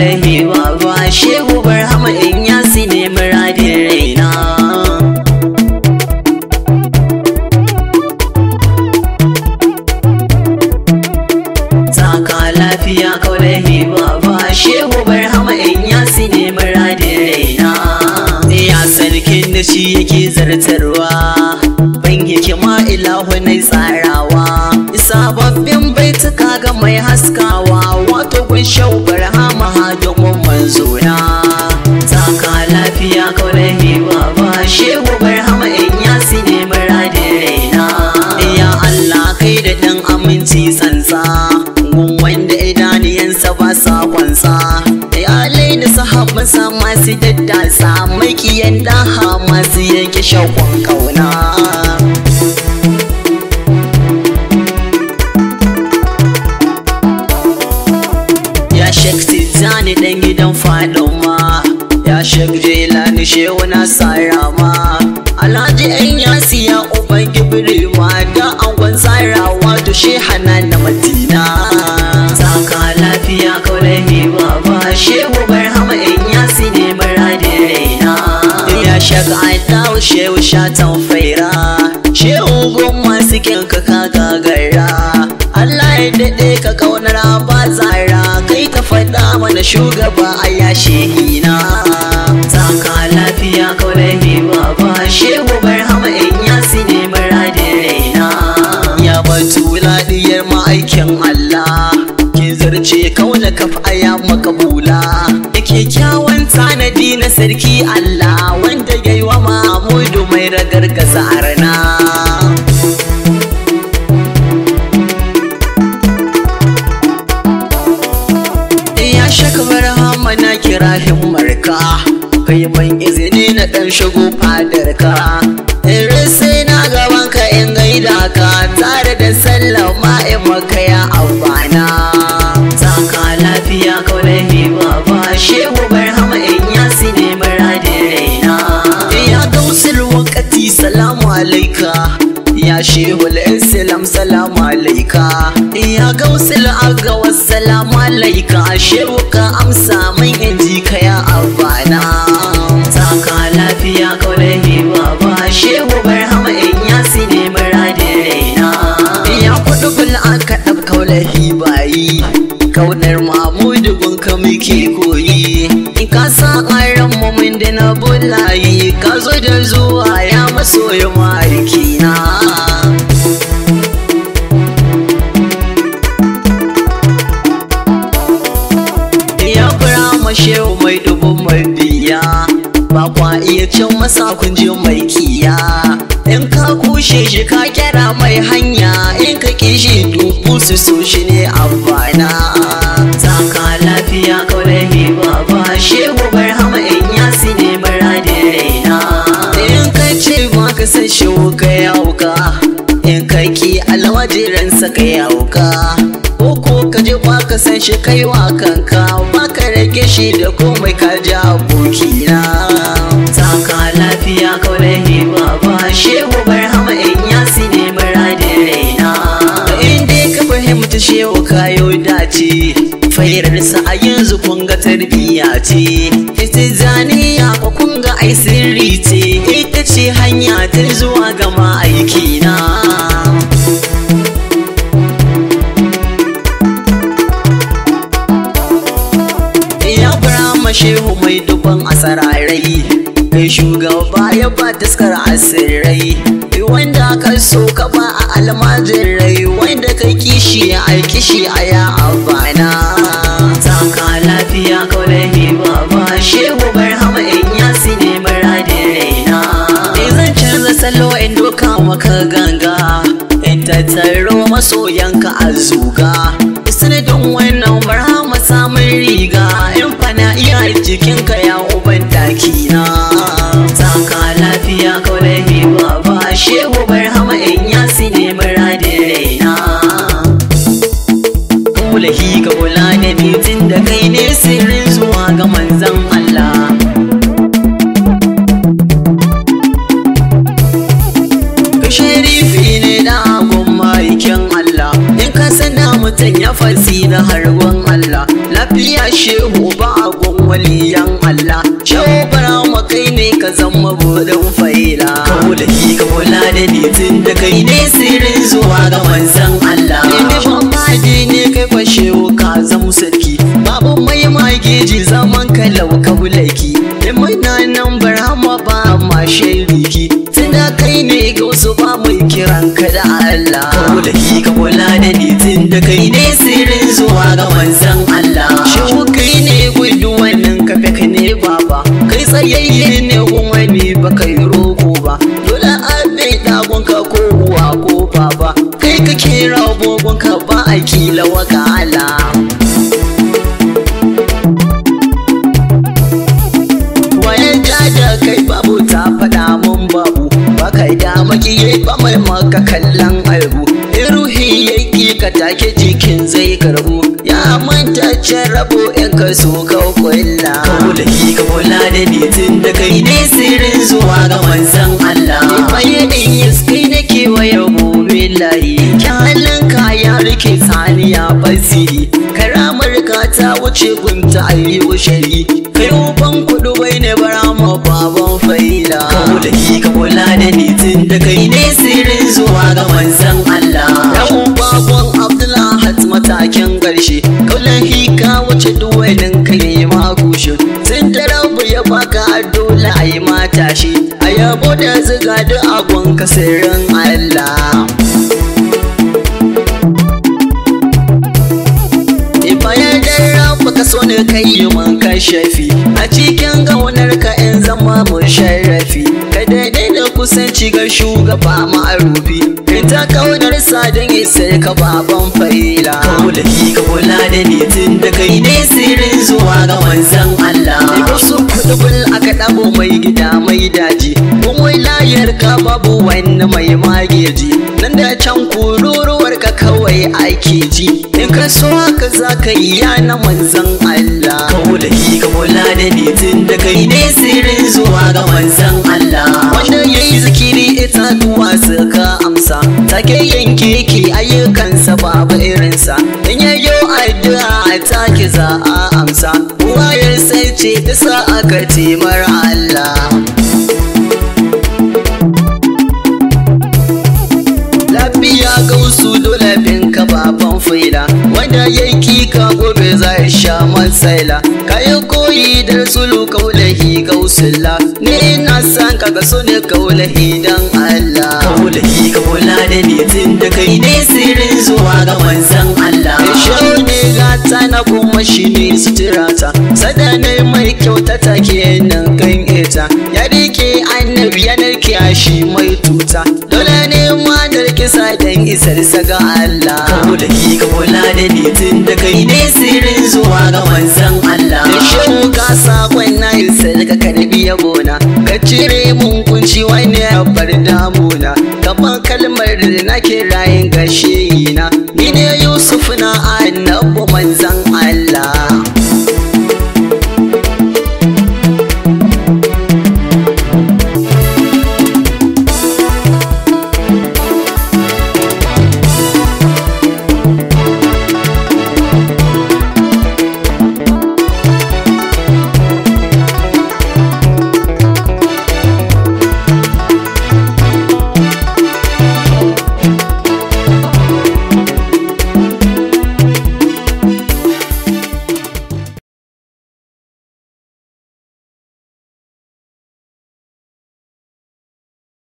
rabi ruwa shehu bar hamadin yasi ne muradin raina saka lafiya kau rabi ruwa shehu bar hamadin ne muradin raina ya sarkin da shi yake zartarwa ban yake ma ilahu na tsarawa sababbin baituka ga mai haskawa wato gun shaubar ha dukkan manzona Saka lafiya kawai ba ba shehu barhama in ya si ne da raina Ya Allah kai da ɗan aminci sansa Gun wanda idaniyansa ba sa kwansa Iyalai da sahabansa masu daddasa Makiyan daha masu yanke shakon kauna gidan ma ya shek jelani shehu na sarama alhaji yan yasiya uban gibiri ma da angon sarawa to shehana na madina saka lafiya kawai ne baba shehu barhama yan yasi ne mara da raina ya shek aitawu shehu shatan faira shehu goma suke ka gagara Allah ya daɗe ka kauna faɗa mana shugaba a yashe hina taka lafiya kawai mai baba shehu barhama in yasi ne muradin raina ya batu ladiyar ma'aikin Allah ke zarce kauna kaf aya makabula da kyakkyawan tanadi na sarki Allah kira himmarka kai man izini na dan shigo fadarka in sai na gabanka in gaida ka tare da sallama in maka ya amfana saka lafiya kawai ne, baba shehu barhama in yasi ne muradi raina ya gamsul wakati salamu alaika ya shehul islam salamu alaika ya gamsu gausul aga wassalamu alaika shehu ka amsa min kaunar mamudu bunka muke koyi in ka sa aran mu mun da na bulayi ka zo da zuwa ya ya mariki na ya fura mashewa mai dubu mai biya ba kwa iya cin masa kunji mai kiya in ka kushe shi ka kera mai hanya in ka kishi dubu su so shi ne bana? lafiya kaure mai baba shehu barhama in yasi ne bara da raina in ka ce ba ka san shehu ka yauka in ka ki alwajiran sa ka yauka ko ka je ba ka san shi kai wa kanka ba ka rage shi da komai ka ji abokina saka lafiya kaure mai baba shehu barhama in yasi ne bara da raina in dai ka fahimta shehu kayo dace irinsa a yanzu kun tarbiyya ce zaniya ko kunga ai sirri ce ita ce hanya ta zuwa ga ma'aiki na ya burama shehu mai dubban asararai kai shugaba ya ba taskar asirai wanda ka so ka ba a almajirai wanda ka kishi a kishi a ya lafiya kaulahi baba shehu barhama in yasi ne da raina mai zan canza salo in doka maka ganga in tattaro masoyanka a zuga sanadin wannan barhama samun riga in fana iya jikinka ya uban takina mutum ya fasi na harwan Allah lafiya shehu ba a waliyan Allah shehu bara kai ne ka zama buɗin faila kawulaki ka kula da ni tun da kai ne sirrin zuwa ga wanzan Allah ne mamaki ne kai fashewa ka zama sarki baban mai mageji zaman kai lauka kiran ka da Allah Kaula ki ka kula da nitin da kai ne sirrin zuwa ga manzan Allah Shehu kai ne gudu wannan ka ne baba Kai tsayayye ne kuma ne ba kai roko ba Dole bai dagon ka ko uwa ko baba Kai ka kira bogon ka ba a kila waka Allah mai maka kallon in ruhi ya ki ka take jikin zai karbu ya manta can rabo in ka so ka kwalla kawo ki ka kula da ni tun da kai ne sirrin zuwa ga manzon Allah mai din yaske nake waya mu billahi kyalan ka ya rike saniya basiri karamar ka ta wuce gunta ayyu shari kai uban kudu bai ne bara ma baban faila so da ki ka kula da ni tun da kai ne sirrin zuwa ga manzan Allah dan babon Abdullah matakin karshe hi hika wuce duwailin kai ma kushe tun da rabu ya baka dole ai mata shi a yabo da zuga da agon ka sirrin Allah Kai yi kai man kashafi a cikin gaunar ka in zama mun sharafi kusanci ga shugaba ma'arufi in ta kaunar sa don sai ka baban fa'ila kaulahi ka kula da ni tun da kai ne sirrin zuwa ga wanzan Allah Ibu su kudubul aka dabo mai gida mai daji wai layar ka babu wani mai mageji nan da can kururuwar ka kawai ake ji in ka so haka za ka iya na manzan Allah kaulahi ka kula da ni tun da kai ne sirrin zuwa ga wanzan Allah itatuwa suka amsa take yanke ki ayyukansa babu irinsa in ya yayo addu'a a take za a amsa ya sai ce isa a ce mara Allah lafiya gausu dole bin ka baban fila wanda yanki ka gobe za ya sha matsala kayan koyi da sulu kausula ni ina san ka ga so ne kaulahi dan Allah kaulahi bola da ni tun da kai ne sirrin zuwa ga manzon Allah shau ga gata na kuma shi ne suturata sada ne mai kyautata kenan kan ita ya rike annabi yanar kiyashi mai tuta dole ne madar kisa dan isar saga Allah kaulahi bola da ni tun da kai ne sirrin zuwa ga manzon Allah shau ka sakon gona ka cire mun kunci wani damu na gaban kalmar da nake rayin gashi na ni ne yusuf na anna